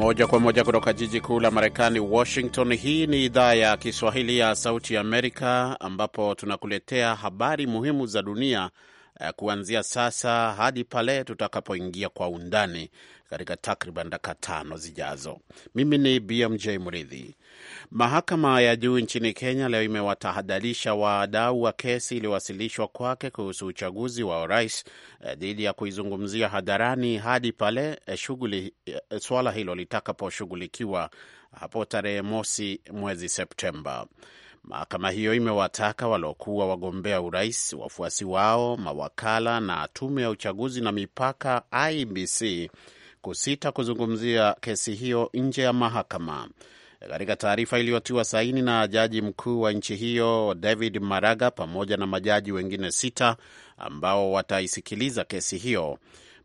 Moja kwa moja kutoka jiji kuu la Marekani, Washington. Hii ni idhaa ya Kiswahili ya Sauti ya Amerika, ambapo tunakuletea habari muhimu za dunia Eh, kuanzia sasa hadi pale tutakapoingia kwa undani katika takriban dakika tano zijazo. Mimi ni BMJ Mridhi. Mahakama ya juu nchini Kenya leo imewatahadharisha waadau wa kesi iliyowasilishwa kwake kuhusu uchaguzi wa urais eh, dhidi ya kuizungumzia hadharani hadi pale eh, shughuli swala hilo litakaposhughulikiwa hapo tarehe mosi mwezi Septemba. Mahakama hiyo imewataka waliokuwa wagombea urais, wafuasi wao, mawakala na tume ya uchaguzi na mipaka IBC kusita kuzungumzia kesi hiyo nje ya mahakama. Katika taarifa iliyotiwa saini na jaji mkuu wa nchi hiyo David Maraga pamoja na majaji wengine sita ambao wataisikiliza kesi hiyo,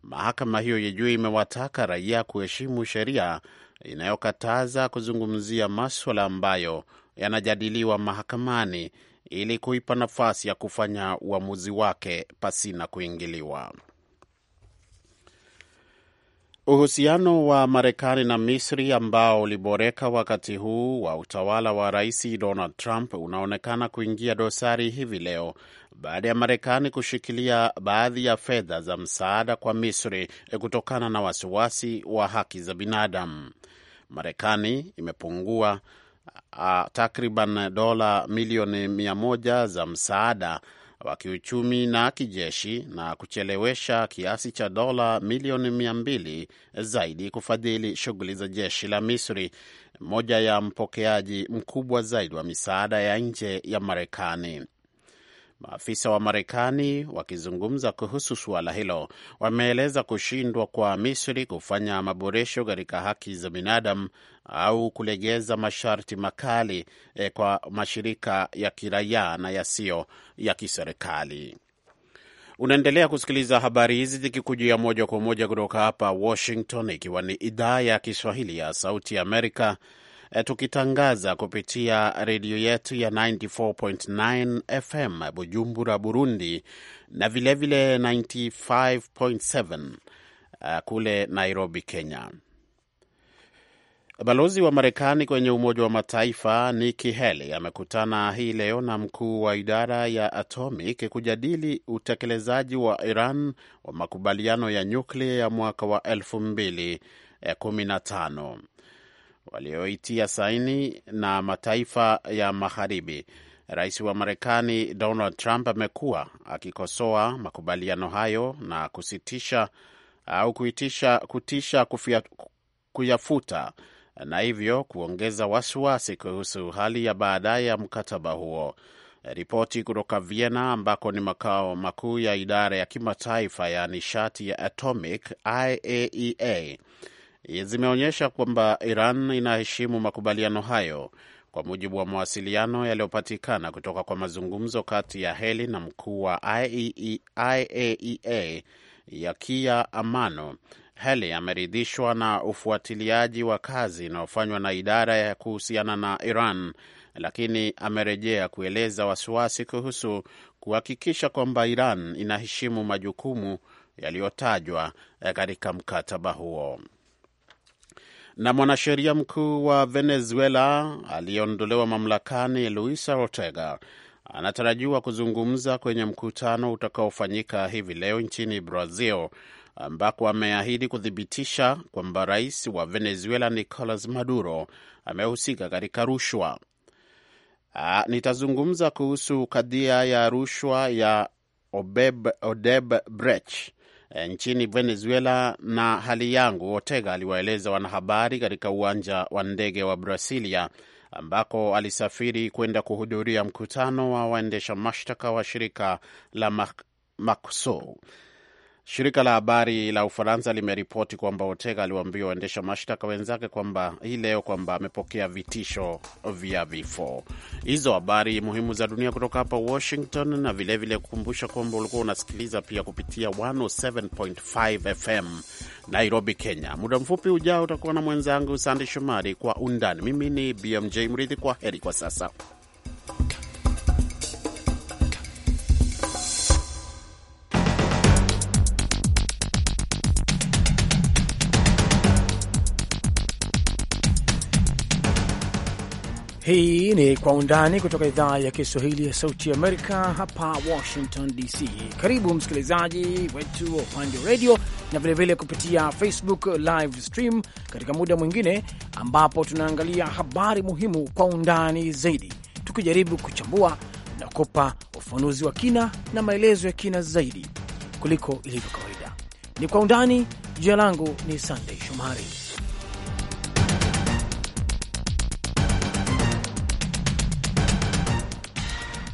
mahakama hiyo yejui imewataka raia kuheshimu sheria inayokataza kuzungumzia maswala ambayo yanajadiliwa mahakamani ili kuipa nafasi ya kufanya uamuzi wake pasina kuingiliwa. Uhusiano wa Marekani na Misri ambao uliboreka wakati huu wa utawala wa Rais Donald Trump unaonekana kuingia dosari hivi leo baada ya Marekani kushikilia baadhi ya fedha za msaada kwa Misri kutokana na wasiwasi wa haki za binadamu. Marekani imepungua uh, takriban dola milioni mia moja za msaada wa kiuchumi na kijeshi na kuchelewesha kiasi cha dola milioni mia mbili zaidi kufadhili shughuli za jeshi la Misri, moja ya mpokeaji mkubwa zaidi wa misaada ya nje ya Marekani. Maafisa wa Marekani wakizungumza kuhusu suala hilo wameeleza kushindwa kwa Misri kufanya maboresho katika haki za binadamu au kulegeza masharti makali eh, kwa mashirika ya kiraia na yasiyo ya kiserikali. Unaendelea kusikiliza habari hizi zikikujia moja kwa moja kutoka hapa Washington, ikiwa ni idhaa ya Kiswahili ya Sauti ya Amerika Eh, tukitangaza kupitia redio yetu ya 94.9 FM Bujumbura, Burundi, na vilevile 95.7 eh, kule Nairobi, Kenya. Balozi wa Marekani kwenye Umoja wa Mataifa Nikki Haley amekutana hii leo na mkuu wa idara ya Atomic kujadili utekelezaji wa Iran wa makubaliano ya nyuklia ya mwaka wa 215 walioitia saini na mataifa ya magharibi. Rais wa Marekani Donald Trump amekuwa akikosoa makubaliano hayo na kusitisha au kuitisha kutisha kufia, kuyafuta na hivyo kuongeza wasiwasi kuhusu hali ya baadaye ya mkataba huo. Ripoti kutoka Vienna ambako ni makao makuu ya idara ya kimataifa ya nishati ya atomic IAEA e zimeonyesha kwamba Iran inaheshimu makubaliano hayo, kwa mujibu wa mawasiliano yaliyopatikana kutoka kwa mazungumzo kati ya Heli na mkuu wa IAEA e e, Yakia Amano. Heli ameridhishwa na ufuatiliaji wa kazi inayofanywa na idara ya kuhusiana na Iran, lakini amerejea kueleza wasiwasi kuhusu kuhakikisha kwamba Iran inaheshimu majukumu yaliyotajwa eh, katika mkataba huo. Na mwanasheria mkuu wa Venezuela aliyeondolewa mamlakani Luisa Ortega anatarajiwa kuzungumza kwenye mkutano utakaofanyika hivi leo nchini Brazil ambako ameahidi kuthibitisha kwamba rais wa Venezuela Nicolas Maduro amehusika katika rushwa. Nitazungumza kuhusu kadhia ya rushwa ya Obeb, Odeb Brech Eh, nchini Venezuela na hali yangu, otega aliwaeleza wanahabari katika uwanja wa ndege wa Brasilia ambako alisafiri kwenda kuhudhuria mkutano wa waendesha mashtaka wa shirika la maksou Shirika la habari la Ufaransa limeripoti kwamba Otega aliwaambia waendesha mashtaka wenzake kwamba hii leo kwamba amepokea vitisho vya vifo. Hizo habari muhimu za dunia kutoka hapa Washington, na vilevile kukumbusha kwamba ulikuwa unasikiliza pia kupitia 107.5 FM Nairobi, Kenya. Muda mfupi ujao utakuwa na mwenzangu Sande Shomari kwa undani. Mimi ni BMJ Mridhi, kwa heri kwa sasa. Hii ni Kwa Undani kutoka idhaa ya Kiswahili ya Sauti Amerika hapa Washington DC. Karibu msikilizaji wetu wa upande wa redio na vilevile kupitia Facebook live stream katika muda mwingine ambapo tunaangalia habari muhimu kwa undani zaidi, tukijaribu kuchambua na kupa ufafanuzi wa kina na maelezo ya kina zaidi kuliko ilivyo kawaida. Ni Kwa Undani. Jina langu ni Sandei Shomari.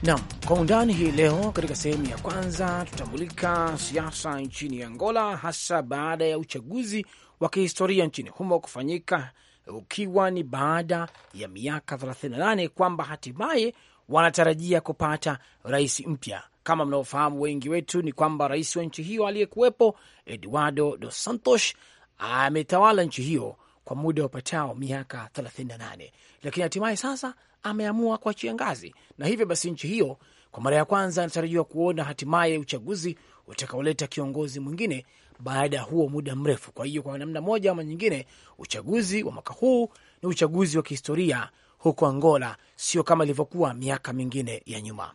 Nam kwa undani hii leo. Katika sehemu ya kwanza, tutamulika siasa nchini Angola, hasa baada ya uchaguzi wa kihistoria nchini humo kufanyika, ukiwa ni baada ya miaka 38 kwamba hatimaye wanatarajia kupata rais mpya. Kama mnavyofahamu wengi wetu, ni kwamba rais wa nchi hiyo aliyekuwepo Eduardo Dos Santos ametawala nchi hiyo kwa muda wapatao miaka 38, lakini hatimaye sasa ameamua kuachia ngazi, na hivyo basi nchi hiyo kwa mara ya kwanza anatarajiwa kuona hatimaye uchaguzi utakaoleta kiongozi mwingine baada ya huo muda mrefu. Kwa hiyo kwa namna moja ama nyingine, uchaguzi wa mwaka huu ni uchaguzi wa kihistoria huko Angola, sio kama ilivyokuwa miaka mingine ya nyuma.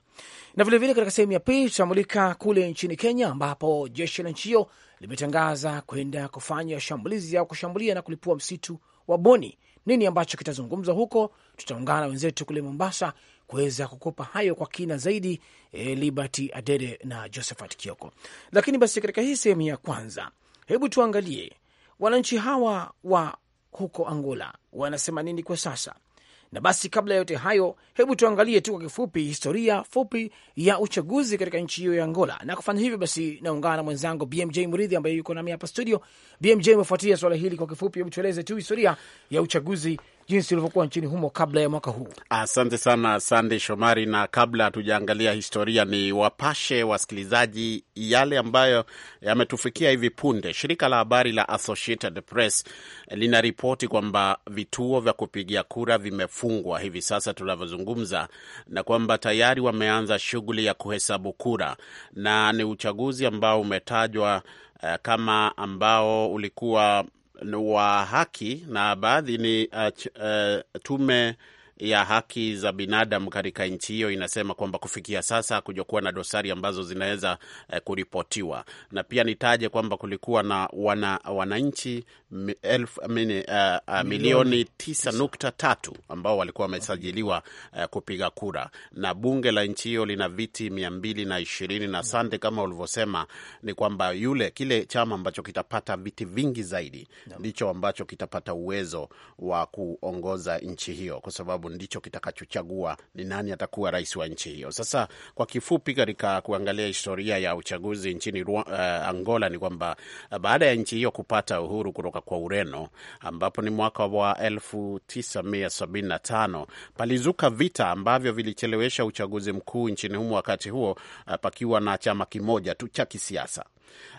Na vilevile katika sehemu ya pili tutamulika kule nchini Kenya, ambapo jeshi la nchi hiyo limetangaza kwenda kufanya shambulizi au kushambulia na kulipua msitu wa Boni. Nini ambacho kitazungumzwa huko? Tutaungana na wenzetu kule Mombasa kuweza kukopa hayo kwa kina zaidi. E, Liberty Adede na Josephat Kioko. Lakini basi katika hii sehemu ya kwanza, hebu tuangalie wananchi hawa wa huko Angola wanasema nini kwa sasa. Na basi kabla ya yote hayo, hebu tuangalie tu kwa kifupi historia fupi ya uchaguzi katika nchi hiyo ya Angola. Na kufanya hivyo basi, naungana na mwenzangu BMJ Mridhi ambaye yuko nami hapa studio. BMJ, umefuatia suala hili kwa kifupi, hebu tueleze tu historia ya uchaguzi jinsi ilivyokuwa nchini humo kabla ya mwaka huu. Asante sana Sande Shomari, na kabla hatujaangalia historia, ni wapashe wasikilizaji yale ambayo yametufikia hivi punde. Shirika la habari la Associated Press ripoti kwamba vituo vya kupigia kura vimefungwa hivi sasa tunavyozungumza, na kwamba tayari wameanza shughuli ya kuhesabu kura, na ni uchaguzi ambao umetajwa eh, kama ambao ulikuwa wa haki na baadhi ni uh, uh, tume ya haki za binadamu katika nchi hiyo inasema kwamba kufikia sasa kujakuwa na dosari ambazo zinaweza eh, kuripotiwa. Na pia nitaje kwamba kulikuwa na wana, wananchi eh, eh, milioni mini, uh, milioni tisa nukta tatu ambao walikuwa wamesajiliwa uh, kupiga kura, na bunge la nchi hiyo lina viti mia mbili na ishirini na sante. Kama ulivyosema ni kwamba yule kile chama ambacho kitapata viti vingi zaidi ndicho ambacho kitapata uwezo wa kuongoza nchi hiyo kwa sababu sababu ndicho kitakachochagua ni nani atakuwa rais wa nchi hiyo. Sasa kwa kifupi, katika kuangalia historia ya uchaguzi nchini uh, Angola ni kwamba uh, baada ya nchi hiyo kupata uhuru kutoka kwa Ureno ambapo ni mwaka wa 1975 palizuka vita ambavyo vilichelewesha uchaguzi mkuu nchini humo, wakati huo uh, pakiwa na chama kimoja tu cha kisiasa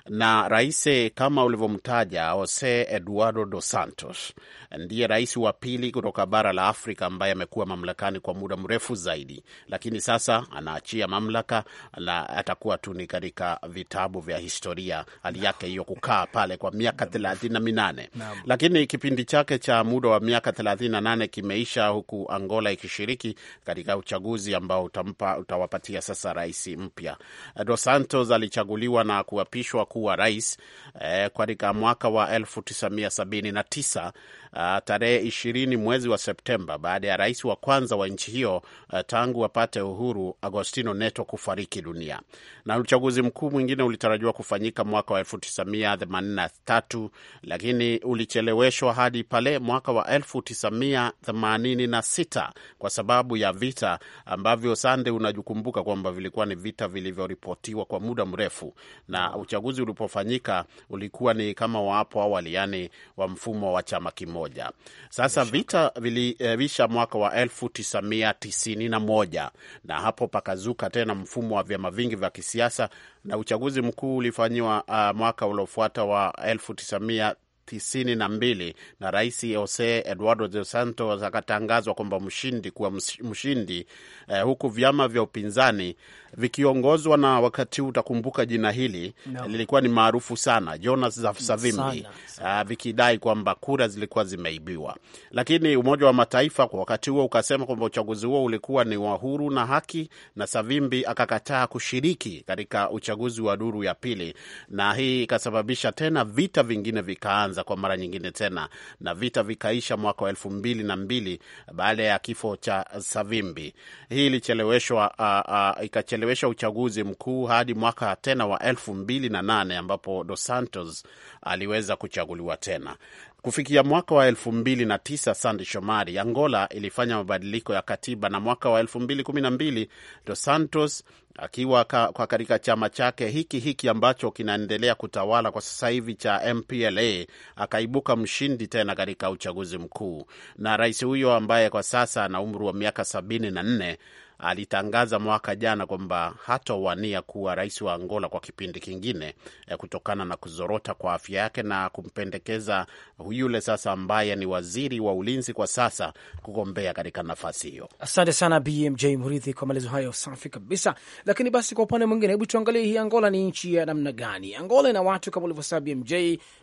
na rais eh, kama ulivyomtaja Jose Eduardo Dos Santos ndiye rais wa pili kutoka bara la Afrika ambaye amekuwa mamlakani kwa muda mrefu zaidi, lakini sasa anaachia mamlaka na atakuwa tu ni katika vitabu vya historia, hali yake hiyo kukaa pale kwa miaka thelathini na minane. Lakini kipindi chake cha muda wa miaka thelathini na nane kimeisha, huku Angola ikishiriki katika uchaguzi ambao utampa, utawapatia sasa rais mpya. Dos Santos alichaguliwa na kuwapi kuapishwa kuwa rais eh, katika mwaka wa 1979 uh, ah, tarehe 20 mwezi wa Septemba, baada ya rais wa kwanza wa nchi hiyo uh, tangu apate uhuru Agostino Neto kufariki dunia. Na uchaguzi mkuu mwingine ulitarajiwa kufanyika mwaka wa 1983 lakini ulicheleweshwa hadi pale mwaka wa 1986 kwa sababu ya vita ambavyo Sande unajukumbuka kwamba vilikuwa ni vita vilivyoripotiwa kwa muda mrefu na uchaguzi ulipofanyika ulikuwa ni kama wa awali, yani wa mfumo wa chama kimoja. Sasa vita viliisha mwaka wa 1991 na hapo pakazuka tena mfumo wa vyama vingi vya kisiasa na uchaguzi mkuu ulifanyiwa uh, mwaka uliofuata wa 19 tisini na mbili na Rais Jose Eduardo Dos Santos akatangazwa kwamba mshindi kuwa mshindi eh, huku vyama vya upinzani vikiongozwa na, wakati huu utakumbuka jina hili no. lilikuwa ni maarufu sana Jonas Savimbi, uh, vikidai kwamba kura zilikuwa zimeibiwa, lakini Umoja wa Mataifa kwa wakati huo ukasema kwamba uchaguzi huo ulikuwa ni wa huru na haki, na Savimbi akakataa kushiriki katika uchaguzi wa duru ya pili, na hii ikasababisha tena vita vingine vikaanza kwa mara nyingine tena, na vita vikaisha mwaka wa elfu mbili na mbili baada ya kifo cha Savimbi. Hii ilicheleweshwa uh, uh, ikachele kuchelewesha uchaguzi mkuu hadi mwaka tena wa elfu mbili na nane ambapo Dos Santos aliweza kuchaguliwa tena. Kufikia mwaka wa elfu mbili na tisa, Sandi Shomari, Angola ilifanya mabadiliko ya katiba na mwaka wa elfu mbili kumi na mbili Dos Santos akiwa kwa katika chama chake hiki hiki ambacho kinaendelea kutawala kwa sasa hivi cha MPLA akaibuka mshindi tena katika uchaguzi mkuu, na rais huyo ambaye kwa sasa ana umri wa miaka sabini na nne alitangaza mwaka jana kwamba hatowania kuwa rais wa Angola kwa kipindi kingine eh, kutokana na kuzorota kwa afya yake na kumpendekeza yule sasa ambaye ni waziri wa ulinzi kwa sasa kugombea katika nafasi hiyo. Asante sana BMJ Murithi kwa maelezo hayo safi kabisa. Lakini basi kwa upande mwingine, hebu tuangalie hii Angola ni nchi ya namna gani? Angola ina watu kama ulivyosema BMJ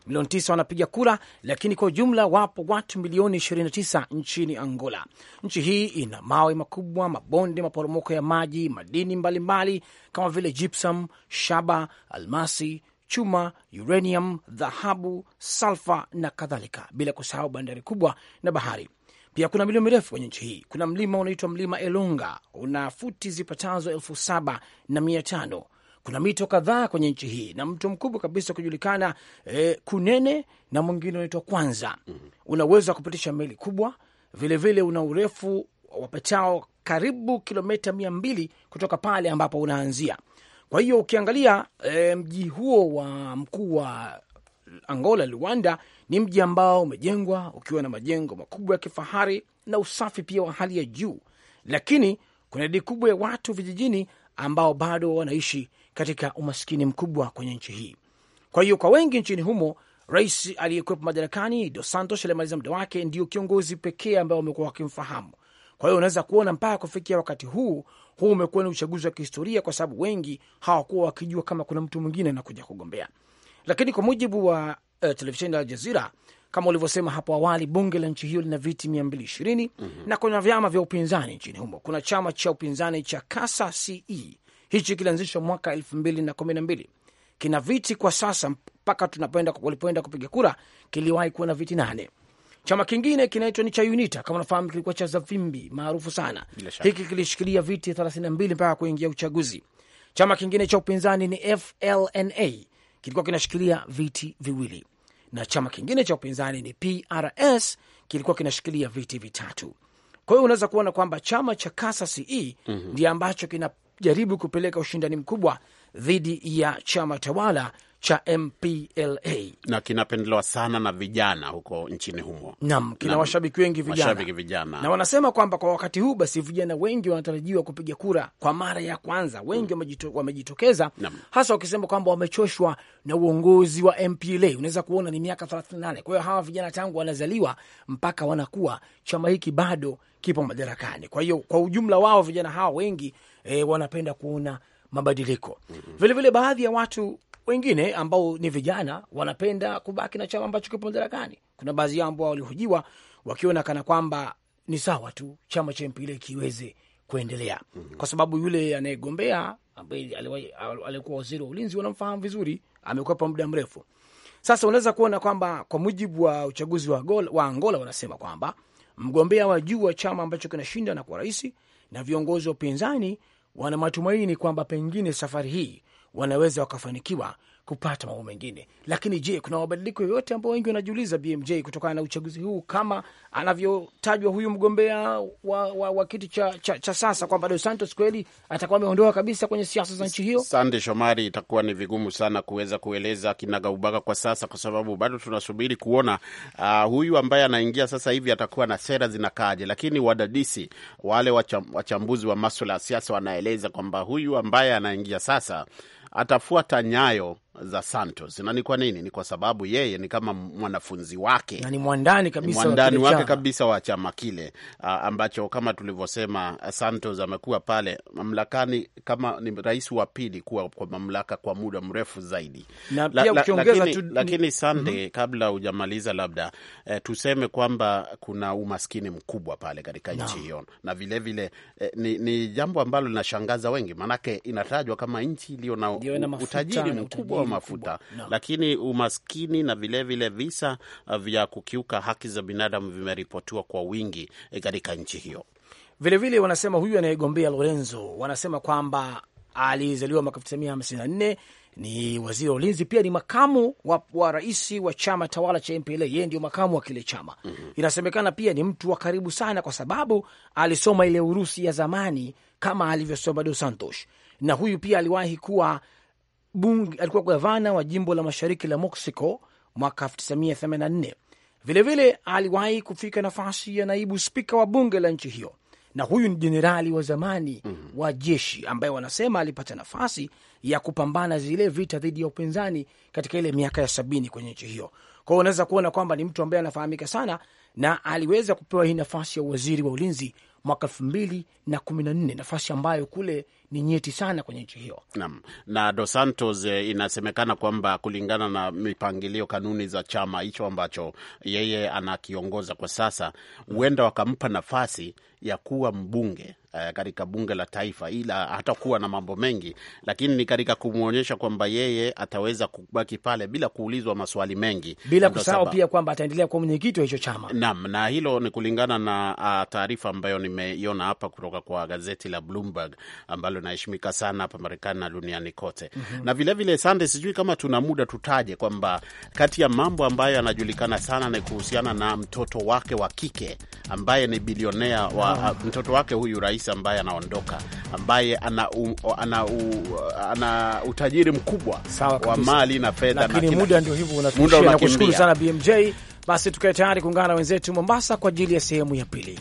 milioni tisa wanapiga kura, lakini kwa ujumla wapo watu milioni 29 nchini Angola. Nchi hii ina mawe makubwa, mabonde maporomoko ya maji, madini mbalimbali mbali, kama vile gypsum, shaba, almasi, chuma, uranium, dhahabu, salfa na kadhalika, bila kusahau bandari kubwa na bahari. Pia kuna milima mirefu kwenye nchi hii. Kuna mlima unaitwa mlima Elunga, una futi zipatazo elfu saba na mia tano. Kuna mito kadhaa kwenye nchi hii na mto mkubwa kabisa kujulikana eh, Kunene na mwingine unaitwa Kwanza. Mhm. Una uwezo wa kupitisha meli kubwa, vilevile vile, una urefu wapatao karibu kilomita mia mbili kutoka pale ambapo unaanzia. Kwa hiyo ukiangalia e, mji huo wa mkuu wa Angola Luanda ni mji ambao umejengwa ukiwa na majengo makubwa ya kifahari na usafi pia wa hali ya juu, lakini kuna idadi kubwa ya watu vijijini ambao bado wanaishi katika umaskini mkubwa kwenye nchi hii. Kwa hiyo kwa wengi nchini humo, rais aliyekuwepo madarakani Dos Santos alimaliza muda wake, ndio kiongozi pekee ambao wamekuwa wakimfahamu, kwa hiyo unaweza kuona mpaka kufikia wakati huu huu umekuwa ni uchaguzi wa kihistoria, kwa sababu wengi hawakuwa wakijua kama kuna mtu mwingine anakuja kugombea. Lakini kwa mujibu wa uh, televisheni ya Aljazira, kama ulivyosema hapo awali, bunge la nchi hiyo lina viti mia mbili ishirini mm -hmm. na kuna vyama vya upinzani nchini humo. Kuna chama cha upinzani cha Kasa Ce hichi kilianzishwa mwaka elfu mbili na kumi na mbili kina viti kwa sasa mpaka tunapoenda walipoenda kupiga kura kiliwahi kuwa na viti nane. Chama kingine kinaitwa ni cha UNITA kama unafahamu, kilikuwa cha Zavimbi maarufu sana. Hiki kilishikilia viti 32 mpaka kuingia uchaguzi. Chama kingine cha upinzani ni FLNA kilikuwa kinashikilia viti viwili, na chama kingine cha upinzani ni PRS kilikuwa kinashikilia viti vitatu. Kwa hiyo unaweza kuona kwamba chama cha Kasa ce mm -hmm. ndiye ambacho kinajaribu kupeleka ushindani mkubwa dhidi ya chama tawala cha MPLA na kinapendelewa sana na vijana huko nchini humo. Naam, kina washabiki wengi vijana, vijana, na wanasema kwamba kwa wakati huu basi vijana wengi wanatarajiwa kupiga kura kwa mara ya kwanza. Wengi mm. wamejitokeza hasa wakisema kwamba wamechoshwa na uongozi wa MPLA. Unaweza kuona ni miaka 38. Kwa hiyo hawa vijana tangu wanazaliwa mpaka wanakuwa, chama hiki bado kipo madarakani. Kwa hiyo kwa ujumla wao vijana hawa wengi eh, wanapenda kuona mabadiliko. Vilevile vile baadhi ya watu wengine ambao ni vijana wanapenda kubaki na chama ambacho kipo madarakani. Kuna baadhi yao ambao walihojiwa wakiona kana kwamba ni sawa tu chama cha mpira kiweze kuendelea mm -hmm. kwa sababu yule anayegombea ambaye aliyekuwa waziri wa ulinzi wanamfahamu vizuri, amekuwa kwa muda mrefu sasa. Unaweza kuona kwamba kwa mujibu wa uchaguzi wa gol, wa Angola wanasema kwamba mgombea wa juu wa chama ambacho kinashinda na kuwa rais na viongozi wa upinzani wana matumaini kwamba pengine safari hii wanaweza wakafanikiwa kupata mambo mengine. Lakini je, kuna mabadiliko yoyote ambao wengi wanajiuliza BMJ kutokana na uchaguzi huu kama anavyotajwa huyu mgombea wa, wa, wa kiti cha, cha, cha sasa kwamba Dos Santos kweli atakuwa ameondoa kabisa kwenye siasa za nchi hiyo? Sande Shomari, itakuwa ni vigumu sana kuweza kueleza kinagaubaga kwa sasa, kwa sababu bado tunasubiri kuona uh, huyu ambaye anaingia sasa hivi atakuwa na sera zinakaaje. lakini wadadisi wale wacham, wachambuzi wa maswala ya siasa wanaeleza kwamba huyu ambaye anaingia sasa atafuata nyayo za Santos. Na ni kwa nini? Ni kwa sababu yeye ni kama mwanafunzi wake na ni mwandani kabisa, mwandani wake kabisa wa chama kile ambacho kama tulivyosema, Santos amekuwa pale mamlakani kama ni rais wa pili kuwa kwa mamlaka kwa muda mrefu zaidi na la, pia ukiongeza lakini, tu... lakini sande mm -hmm. Kabla hujamaliza labda eh, tuseme kwamba kuna umaskini mkubwa pale katika nchi hiyo na vilevile vile, eh, ni, ni jambo ambalo linashangaza wengi, maanake inatajwa kama nchi iliyo na utajiri mkubwa au mafuta no. Lakini umaskini na vilevile vile visa uh, vya kukiuka haki za binadamu vimeripotiwa kwa wingi eh, katika nchi hiyo. Vilevile vile wanasema huyu anayegombea Lorenzo, wanasema kwamba alizaliwa mwaka nne ni waziri wa ulinzi, pia ni makamu wa, wa rais wa chama tawala cha MPLA. Yeye ndio makamu wa kile chama mm -hmm. Inasemekana pia ni mtu wa karibu sana, kwa sababu alisoma ile Urusi ya zamani kama alivyosoma Dos Santos, na huyu pia aliwahi kuwa bunge, alikuwa gavana wa jimbo la mashariki la Mexico mwaka 1984. Vilevile aliwahi kufika nafasi ya naibu spika wa bunge la nchi hiyo, na huyu ni jenerali wa zamani mm -hmm. wa jeshi ambaye wanasema alipata nafasi ya kupambana zile vita dhidi ya upinzani katika ile miaka ya sabini kwenye nchi hiyo. Kwao unaweza kuona kwamba ni mtu ambaye anafahamika sana, na aliweza kupewa hii nafasi ya waziri wa ulinzi mwaka elfu mbili na kumi na nne nafasi ambayo kule ni nyeti sana kwenye nchi hiyo. Naam, na Dos Santos eh, inasemekana kwamba kulingana na mipangilio, kanuni za chama hicho ambacho yeye anakiongoza kwa sasa, huenda wakampa nafasi ya kuwa mbunge uh, katika bunge la taifa, ila hatakuwa na mambo mengi, lakini ni katika kumwonyesha kwamba yeye ataweza kubaki pale bila kuulizwa maswali mengi, bila kusahau pia kwamba ataendelea kuwa mwenyekiti wa hicho chama. Naam, na hilo ni kulingana na uh, taarifa ambayo nimeiona hapa kutoka kwa gazeti la Bloomberg ambalo linaheshimika sana hapa Marekani na duniani kote. mm -hmm. Na vilevile Sande, sijui kama tuna muda tutaje kwamba kati ya mambo ambayo yanajulikana sana ni kuhusiana na mtoto wake wa kike ambaye ni bilionea wa, oh. mtoto wake huyu rais rais ambaye anaondoka ambaye ana, u, ana, u, ana utajiri mkubwa Sawa, wa mali na fedha na muda ndio hivyo unatushia. Nakushukuru sana BMJ. Basi tukae tayari kuungana na wenzetu Mombasa kwa ajili ya sehemu ya pili.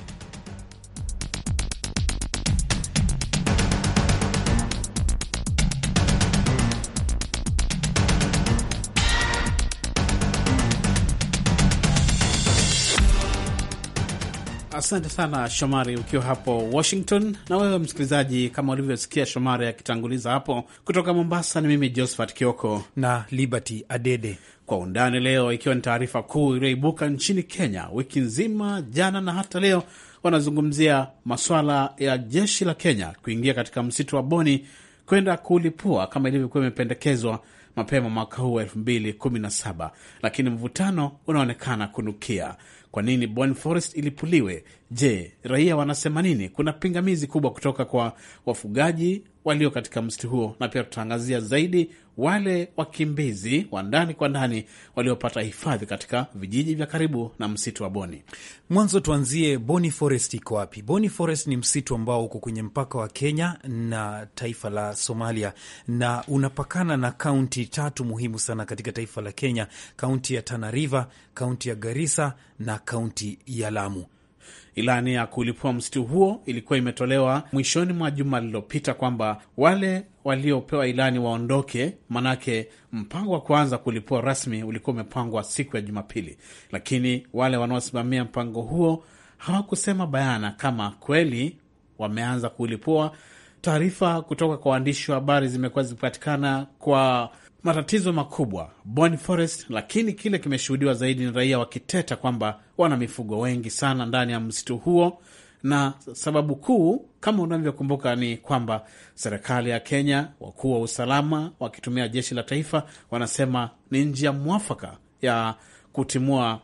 Asante sana Shomari, ukiwa hapo Washington. Na wewe msikilizaji, kama ulivyosikia Shomari akitanguliza hapo, kutoka Mombasa ni mimi Josephat Kioko na Liberty Adede kwa undani leo, ikiwa ni taarifa kuu iliyoibuka nchini Kenya wiki nzima, jana na hata leo, wanazungumzia maswala ya jeshi la Kenya kuingia katika msitu wa Boni kwenda kulipua kama ilivyokuwa imependekezwa mapema mwaka huu wa 217 lakini mvutano unaonekana kunukia. Kwa nini Boni Forest ilipuliwe? Je, raia wanasema nini? Kuna pingamizi kubwa kutoka kwa wafugaji walio katika msitu huo, na pia tutaangazia zaidi wale wakimbizi wa ndani kwa ndani waliopata hifadhi katika vijiji vya karibu na msitu wa Boni. Mwanzo tuanzie Boni Forest iko wapi? Boni Forest ni msitu ambao uko kwenye mpaka wa Kenya na taifa la Somalia na unapakana na kaunti tatu muhimu sana katika taifa la Kenya, kaunti ya Tana River, kaunti ya Garissa na kaunti ya Lamu. Ilani ya kulipua msitu huo ilikuwa imetolewa mwishoni mwa juma lililopita, kwamba wale waliopewa ilani waondoke, manake mpango wa kuanza kulipua rasmi ulikuwa umepangwa siku ya Jumapili, lakini wale wanaosimamia mpango huo hawakusema bayana kama kweli wameanza kulipua. Taarifa kutoka kwa waandishi wa habari zimekuwa zikipatikana kwa matatizo makubwa Boni Forest, lakini kile kimeshuhudiwa zaidi ni raia wakiteta kwamba wana mifugo wengi sana ndani ya msitu huo, na sababu kuu kama unavyokumbuka ni kwamba serikali ya Kenya, wakuu wa usalama wakitumia jeshi la taifa, wanasema ni njia mwafaka ya kutimua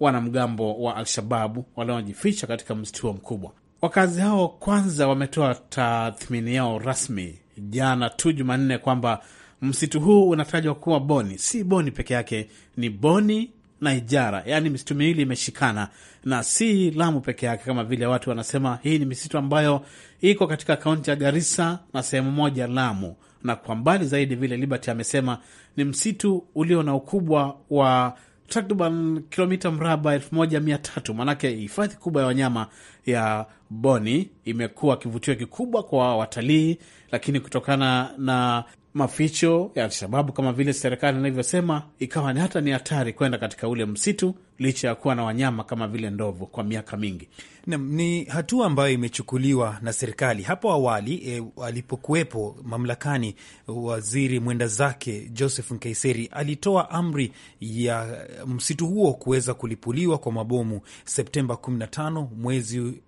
wanamgambo wa alshababu shababu wanaojificha katika msitu huo mkubwa. Wakazi hao kwanza wametoa tathmini yao rasmi jana tu Jumanne kwamba Msitu huu unatajwa kuwa Boni, si Boni peke yake, ni Boni na Ijara, yaani misitu miwili imeshikana, na si Lamu peke yake kama vile watu wanasema. Hii ni misitu ambayo iko katika kaunti ya Garissa na sehemu moja Lamu, na kwa mbali zaidi, vile Liberty amesema, ni msitu ulio na ukubwa wa takriban kilomita mraba elfu moja mia tatu. manake hifadhi kubwa ya wanyama ya Boni imekuwa kivutio kikubwa kwa watalii, lakini kutokana na maficho ya Alshababu kama vile serikali inavyosema, ikawa ni hata ni hatari kwenda katika ule msitu licha ya kuwa na wanyama kama vile ndovu kwa miaka mingi. Na, ni hatua ambayo imechukuliwa na serikali hapo awali. E, alipokuwepo mamlakani waziri mwenda zake Joseph Nkaiseri alitoa amri ya msitu huo kuweza kulipuliwa kwa mabomu Septemba 15 mwezi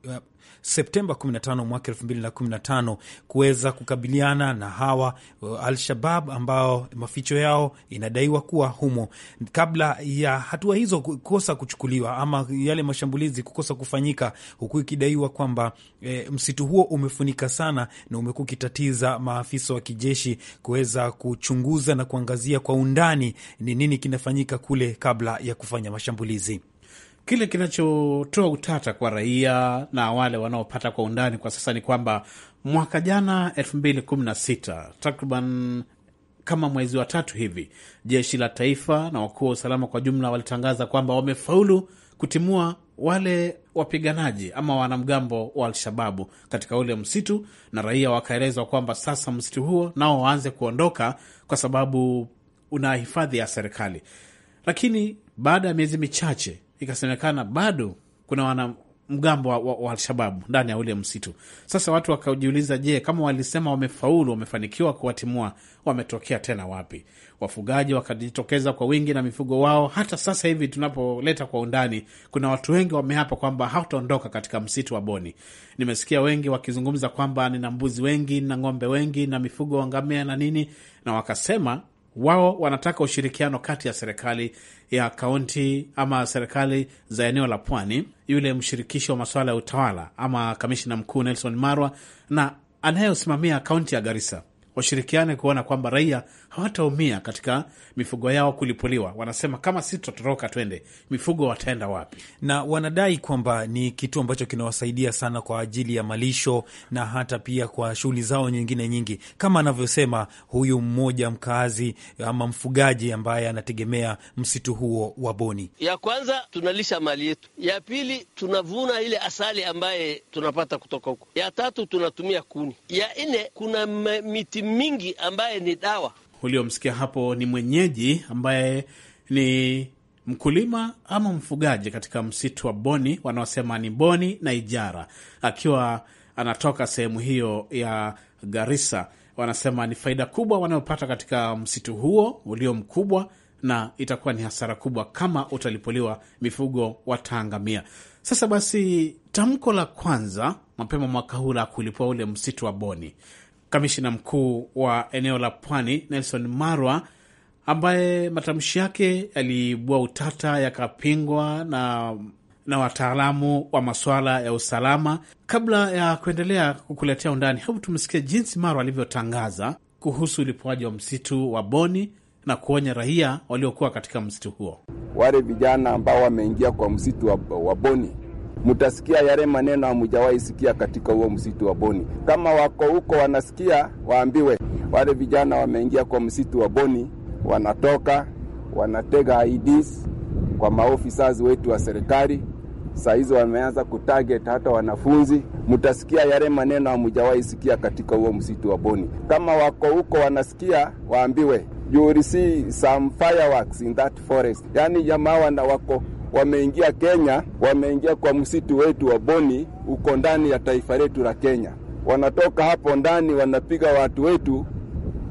Septemba 15 mwaka 2015 kuweza kukabiliana na hawa uh, Al-Shabab ambao maficho yao inadaiwa kuwa humo. Kabla ya hatua hizo kukosa kuchukuliwa ama yale mashambulizi kukosa kufanyika, huku ikidaiwa kwamba e, msitu huo umefunika sana na umekuwa ukitatiza maafisa wa kijeshi kuweza kuchunguza na kuangazia kwa undani ni nini kinafanyika kule kabla ya kufanya mashambulizi. Kile kinachotoa utata kwa raia na wale wanaopata kwa undani kwa sasa ni kwamba mwaka jana 2016 takriban kama mwezi wa tatu hivi, jeshi la taifa na wakuu wa usalama kwa jumla walitangaza kwamba wamefaulu kutimua wale wapiganaji ama wanamgambo wa Alshababu katika ule msitu, na raia wakaelezwa kwamba sasa msitu huo nao waanze kuondoka kwa sababu una hifadhi ya serikali. Lakini baada ya miezi michache ikasemekana bado kuna wanamgambo wa, wa, wa Alshababu ndani ya ule msitu. Sasa watu wakajiuliza, je, kama walisema wamefaulu, wamefanikiwa kuwatimua, wametokea tena wapi? Wafugaji wakajitokeza kwa wingi na mifugo wao. Hata sasa hivi tunapoleta kwa undani, kuna watu wengi wameapa kwamba hawataondoka katika msitu wa Boni. Nimesikia wengi wakizungumza kwamba nina mbuzi wengi na ng'ombe wengi na mifugo wangamea na nini, na wakasema wao wanataka ushirikiano kati ya serikali ya kaunti ama serikali za eneo la pwani, yule mshirikishi wa masuala ya utawala ama kamishina mkuu Nelson Marwa na anayosimamia kaunti ya Garissa washirikiane kuona kwamba raia hawataumia katika mifugo yao kulipuliwa. Wanasema kama si tutatoroka twende, mifugo wataenda wapi? Na wanadai kwamba ni kitu ambacho kinawasaidia sana kwa ajili ya malisho na hata pia kwa shughuli zao nyingine nyingi, kama anavyosema huyu mmoja mkaazi ama mfugaji ambaye anategemea msitu huo wa Boni. Ya kwanza tunalisha mali yetu, ya pili tunavuna ile asali ambaye tunapata kutoka huko, ya tatu tunatumia kuni, ya nne kuna miti mingi ambaye ni dawa. Uliomsikia hapo ni mwenyeji ambaye ni mkulima ama mfugaji katika msitu wa Boni, wanaosema ni Boni na Ijara, akiwa anatoka sehemu hiyo ya Garissa. Wanasema ni faida kubwa wanayopata katika msitu huo ulio mkubwa, na itakuwa ni hasara kubwa kama utalipuliwa, mifugo wataangamia. Sasa basi, tamko la kwanza mapema mwaka huu la kulipua ule msitu wa Boni kamishina mkuu wa eneo la Pwani Nelson Marwa, ambaye matamshi yake yaliibua utata yakapingwa na na wataalamu wa masuala ya usalama. Kabla ya kuendelea kukuletea undani, hebu tumsikie jinsi Marwa alivyotangaza kuhusu ulipoaji wa msitu wa Boni na kuonya raia waliokuwa katika msitu huo. Wale vijana ambao wameingia kwa msitu wa, wa Boni mutasikia yale maneno hamujawahi sikia katika huo msitu wa Boni. Kama wako huko wanasikia, waambiwe wale vijana wameingia kwa msitu wa Boni, wanatoka wanatega IDs kwa maofisa wetu wa serikali. Saa hizi wameanza kutarget hata wanafunzi. Mutasikia yale maneno hamujawahi sikia katika huo msitu wa Boni. Kama wako huko wanasikia, waambiwe you will see some fireworks in that forest. Yani jamaa wana wako wameingia Kenya, wameingia kwa msitu wetu wa Boni, uko ndani ya taifa letu la Kenya. Wanatoka hapo ndani wanapiga watu wetu,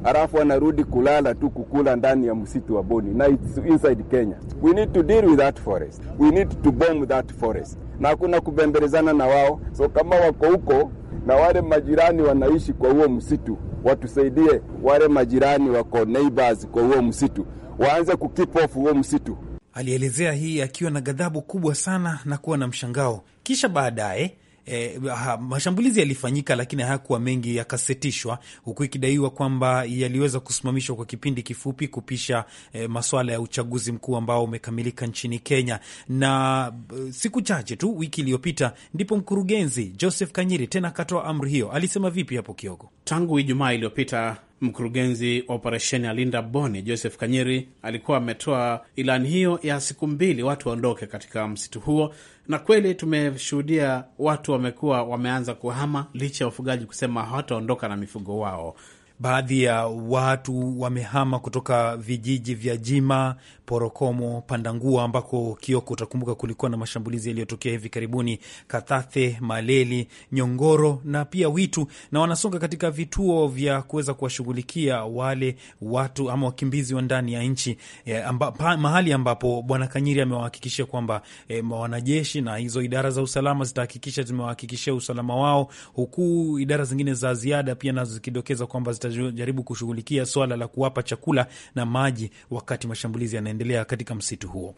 halafu wanarudi kulala tu, kukula ndani ya msitu wa Boni na it's inside Kenya. We need to deal with that forest, we need to bomb that forest, na hakuna kubembelezana na wao. So kama wako huko na wale majirani wanaishi kwa huo msitu, watusaidie wale majirani wako neighbors kwa huo msitu, waanze kukeep off huo msitu Alielezea hii akiwa na ghadhabu kubwa sana na kuwa na mshangao. Kisha baadaye E, ha, mashambulizi yalifanyika lakini hayakuwa mengi, yakasitishwa, huku ikidaiwa kwamba yaliweza kusimamishwa kwa kipindi kifupi kupisha e, maswala ya uchaguzi mkuu ambao umekamilika nchini Kenya. Na e, siku chache tu wiki iliyopita ndipo mkurugenzi Joseph Kanyiri tena akatoa amri hiyo. Alisema vipi hapo Kioko? Tangu Ijumaa iliyopita Mkurugenzi wa operesheni ya Linda Boni Joseph Kanyiri alikuwa ametoa ilani hiyo ya siku mbili, watu waondoke katika msitu huo, na kweli tumeshuhudia watu wamekuwa wameanza kuhama licha ya wafugaji kusema hawataondoka na mifugo wao baadhi ya watu wamehama kutoka vijiji vya Jima, Porokomo, Pandangua ambako Kioko, utakumbuka kulikuwa na mashambulizi yaliyotokea hivi karibuni, kathathe Maleli, Nyongoro na pia Witu, na wanasonga katika vituo vya kuweza kuwashughulikia wale watu ama wakimbizi wa ndani ya nchi e, amba, pa, mahali ambapo Bwana Kanyiri amewahakikishia kwamba e, wanajeshi na hizo idara za usalama zitahakikisha zimewahakikishia usalama wao, huku idara zingine za ziada pia nazo zikidokeza kwamba zita watajaribu kushughulikia swala la kuwapa chakula na maji wakati mashambulizi yanaendelea katika msitu huo.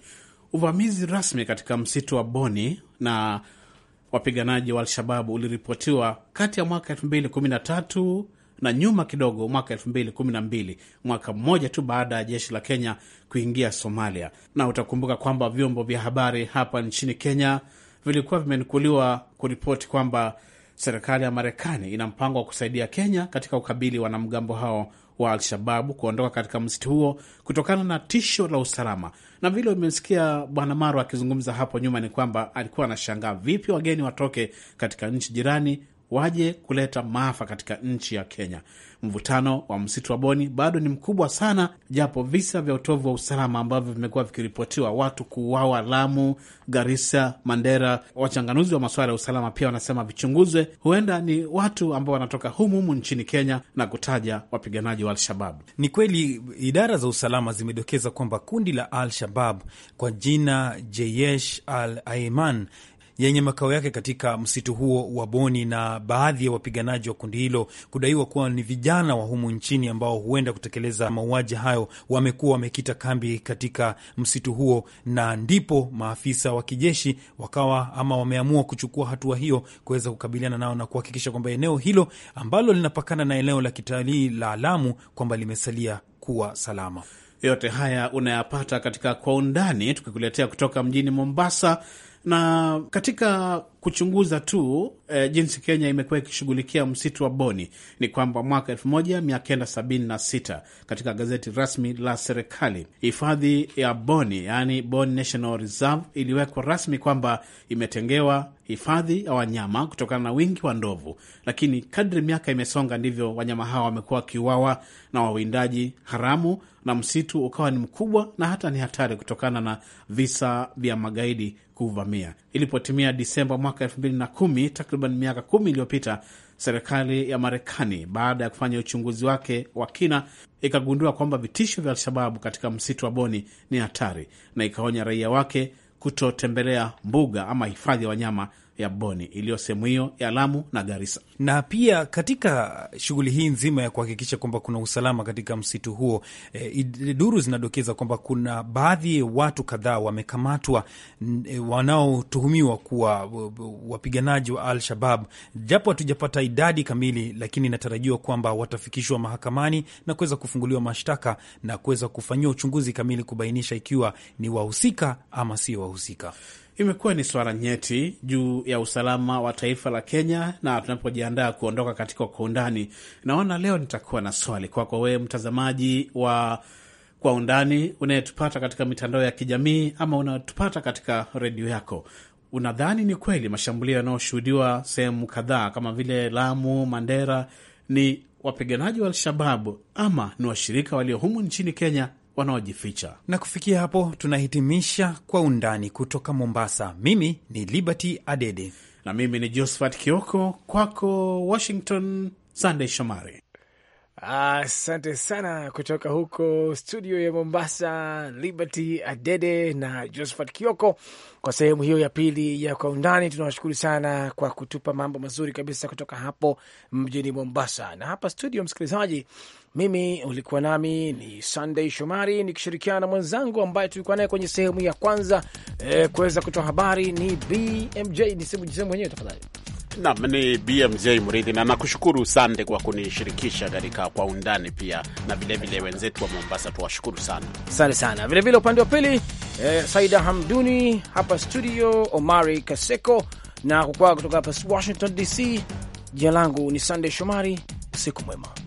Uvamizi rasmi katika msitu wa Boni na wapiganaji wa alshababu uliripotiwa kati ya mwaka 2013 na nyuma kidogo mwaka 2012, mwaka mmoja tu baada ya jeshi la Kenya kuingia Somalia. Na utakumbuka kwamba vyombo vya habari hapa nchini Kenya vilikuwa vimenukuliwa kuripoti kwamba serikali ya Marekani ina mpango wa kusaidia Kenya katika ukabili wanamgambo hao wa Al-Shababu kuondoka katika msitu huo kutokana na tisho la usalama. Na vile umesikia Bwana Maro akizungumza hapo nyuma, ni kwamba alikuwa anashangaa vipi wageni watoke katika nchi jirani waje kuleta maafa katika nchi ya Kenya. Mvutano wa msitu wa Boni bado ni mkubwa sana, japo visa vya utovu wa usalama ambavyo vimekuwa vikiripotiwa, watu kuuawa Lamu, Garissa, Mandera. Wachanganuzi wa masuala ya usalama pia wanasema vichunguzwe, huenda ni watu ambao wanatoka humuhumu nchini Kenya, na kutaja wapiganaji wa Al-Shababu. Ni kweli idara za usalama zimedokeza kwamba kundi la Al-Shabab kwa jina Jeyesh al Aiman yenye makao yake katika msitu huo wa Boni, na baadhi ya wapiganaji wa kundi hilo kudaiwa kuwa ni vijana wa humu nchini ambao huenda kutekeleza mauaji hayo, wamekuwa wamekita kambi katika msitu huo, na ndipo maafisa wa kijeshi wakawa ama wameamua kuchukua hatua hiyo kuweza kukabiliana nao na kuhakikisha kwamba eneo hilo ambalo linapakana na eneo la kitalii la Lamu kwamba limesalia kuwa salama. Yote haya unayapata katika Kwa Undani, tukikuletea kutoka mjini Mombasa na katika kuchunguza tu e, jinsi Kenya imekuwa ikishughulikia msitu wa Boni ni kwamba mwaka 1976 katika gazeti rasmi la serikali hifadhi ya Boni yani Boni National Reserve iliwekwa rasmi kwamba imetengewa hifadhi ya wanyama kutokana na wingi wa ndovu, lakini kadri miaka imesonga ndivyo wanyama hawa wamekuwa wakiuawa na wawindaji haramu na msitu ukawa ni mkubwa na hata ni hatari kutokana na visa vya magaidi kuvamia. Ilipotimia Disemba mwaka kumi, takriban miaka kumi iliyopita, serikali ya Marekani baada ya kufanya uchunguzi wake wa kina ikagundua kwamba vitisho vya Alshababu katika msitu wa Boni ni hatari na ikaonya raia wake kutotembelea mbuga ama hifadhi ya wanyama ya Boni iliyo sehemu hiyo ya Lamu na garisa Na pia katika shughuli hii nzima ya kuhakikisha kwamba kuna usalama katika msitu huo, e, duru zinadokeza kwamba kuna baadhi ya watu kadhaa wamekamatwa eh, wanaotuhumiwa kuwa wapiganaji wa Al Shabab, japo hatujapata idadi kamili, lakini inatarajiwa kwamba watafikishwa mahakamani na kuweza kufunguliwa mashtaka na kuweza kufanyiwa uchunguzi kamili kubainisha ikiwa ni wahusika ama sio wahusika imekuwa ni swala nyeti juu ya usalama wa taifa la Kenya, na tunapojiandaa kuondoka katika Kwa Undani, naona leo nitakuwa na swali kwako, kwa wewe mtazamaji wa Kwa Undani unayetupata katika mitandao ya kijamii ama unatupata katika redio yako. Unadhani ni kweli mashambulio yanayoshuhudiwa sehemu kadhaa kama vile Lamu, Mandera ni wapiganaji wa Alshababu ama ni washirika walio humu nchini Kenya wanaojificha. Na kufikia hapo, tunahitimisha Kwa Undani kutoka Mombasa. Mimi ni Liberty Adede na mimi ni Josephat Kioko, kwako Washington, Sandey Shomari. Asante ah, sana kutoka huko studio ya Mombasa, Liberty Adede na Josephat Kioko kwa sehemu hiyo ya pili ya Kwa Undani. Tunawashukuru sana kwa kutupa mambo mazuri kabisa kutoka hapo mjini Mombasa. Na hapa studio, msikilizaji, mimi ulikuwa nami ni Sunday Shomari nikishirikiana na mwenzangu ambaye tulikuwa naye kwenye sehemu ya kwanza e, kuweza kutoa habari ni BMJ. Niseme wenyewe tafadhali. Nam ni BMJ Mridhi, na nakushukuru Sande kwa kunishirikisha katika kwa undani pia, na vilevile wenzetu wa Mombasa tuwashukuru sana, asante sana. Vilevile upande wa pili e, Saida Hamduni hapa studio, Omari Kaseko na kukwaa kutoka hapa Washington DC. Jina langu ni Sandey Shomari, siku mwema.